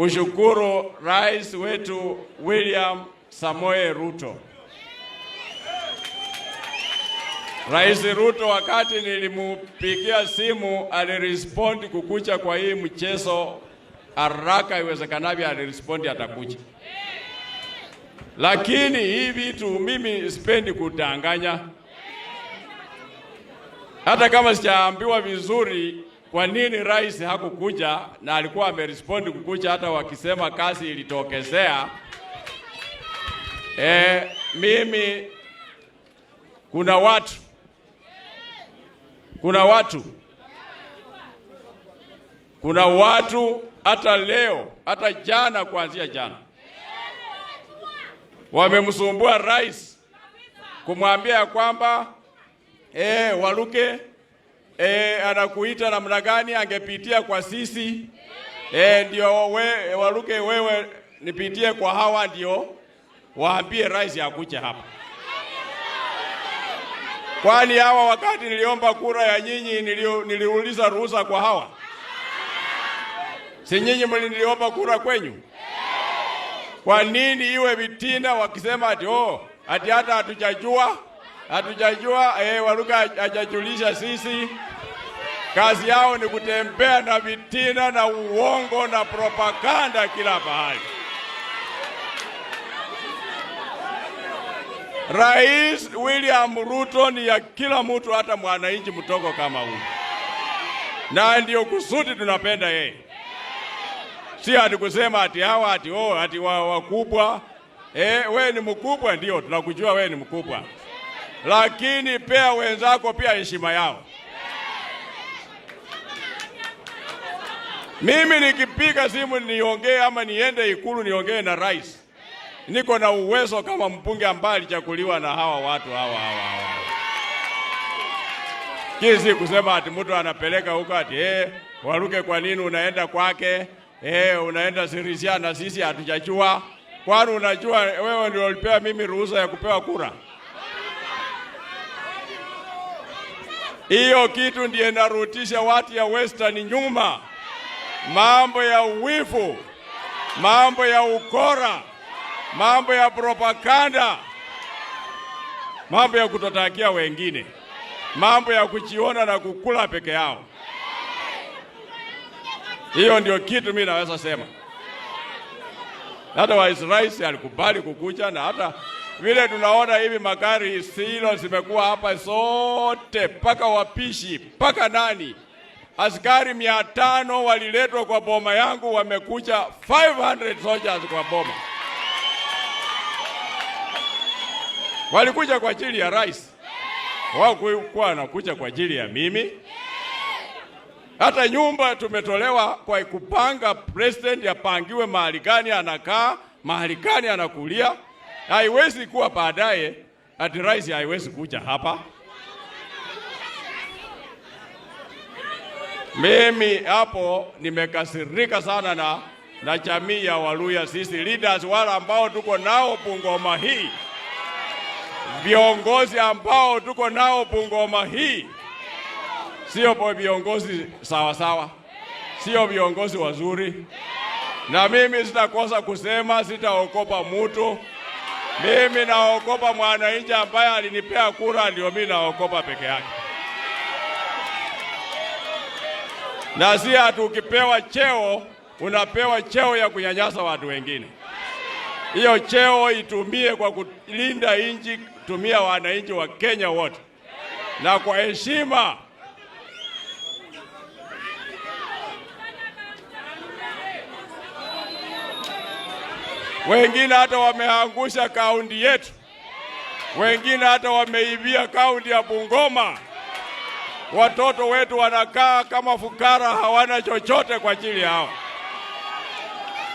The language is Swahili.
kushukuru Rais wetu William Samoe Ruto. Rais Ruto wakati nilimupigia simu alirespondi kukucha kwa hii mchezo haraka iwezekanavyo, alirespondi atakucha. Lakini hii vitu mimi sipendi kutanganya hata kama sijaambiwa vizuri kwa nini rais hakukuja na alikuwa amerespondi kukuja hata wakisema kazi ilitokezea? E, mimi kuna watu kuna watu kuna watu hata leo hata jana kuanzia jana wamemsumbua rais kumwambia kwamba e, Waluke e, anakuita namna gani angepitia kwa sisi e, ndio we, Waluke wewe nipitie kwa hawa, ndio waambie rais akuje hapa, kwani hawa wakati niliomba kura ya nyinyi nilio, niliuliza ruhusa kwa hawa? Si nyinyi mliniomba kura kwenyu? Kwa nini iwe vitina wakisema ati oh, ati hata hatujajua hatujajua eh, Waluga hajajulisha sisi. Kazi yao ni kutembea na vitina na uongo na propaganda kila mahali. Rais William Ruto ni ya kila mtu, hata mwananchi mtoko kama huyu, na ndio kusudi tunapenda yeye. Si ati kusema ati hawa ati oh, ati wakubwa eh, we ni mkubwa, ndio tunakujua we ni mkubwa lakini pea wenzako pia heshima yao. Mimi nikipiga simu niongee ama niende Ikulu niongee na rais, niko na uwezo kama mbunge ambaye alichaguliwa na hawa watu hawa hawa hawa. Kisi kusema ati mtu anapeleka huko ati eh, Waluke, kwa nini unaenda kwake? Eh, unaenda Sirisia na sisi hatujajua. Kwani unajua wewe ndio ulipewa mimi ruhusa ya kupewa kura? Hiyo kitu ndiye narutisha watu ya Western nyuma, mambo ya uwifu, mambo ya ukora, mambo ya propaganda, mambo ya kutotakia wengine, mambo ya kuchiona na kukula peke yao. Hiyo ndio kitu mimi naweza sema. Hata Rais alikubali kukuja na hata vile tunaona hivi magari silo zimekuwa hapa zote, mpaka wapishi mpaka nani, askari mia tano waliletwa kwa boma yangu, wamekuja 500 soldiers kwa boma, walikuja kwa ajili ya rais wao, kuwa wanakuja kwa ajili ya mimi. Hata nyumba tumetolewa kwa kupanga, president apangiwe mahali gani anakaa, mahali gani anakulia haiwezi kuwa baadaye ati rais haiwezi kuja hapa. Mimi hapo nimekasirika sana na, na jamii ya Waluya, sisi leaders wale ambao tuko nao Bungoma hii, viongozi ambao tuko nao Bungoma hii, sio viongozi sawasawa, sio viongozi wazuri, na mimi sitakosa kusema, sitaokopa mutu. Mimi naokopa mwananchi ambaye alinipea kura, ndio mimi naokopa peke yake. Na si hatu. ukipewa cheo unapewa cheo ya kunyanyasa watu wengine. Hiyo cheo itumie kwa kulinda nchi, tumia wananchi wa Kenya wote na kwa heshima. wengine hata wameangusha kaunti yetu, wengine hata wameibia kaunti ya Bungoma. Watoto wetu wanakaa kama fukara, hawana chochote kwa ajili yao.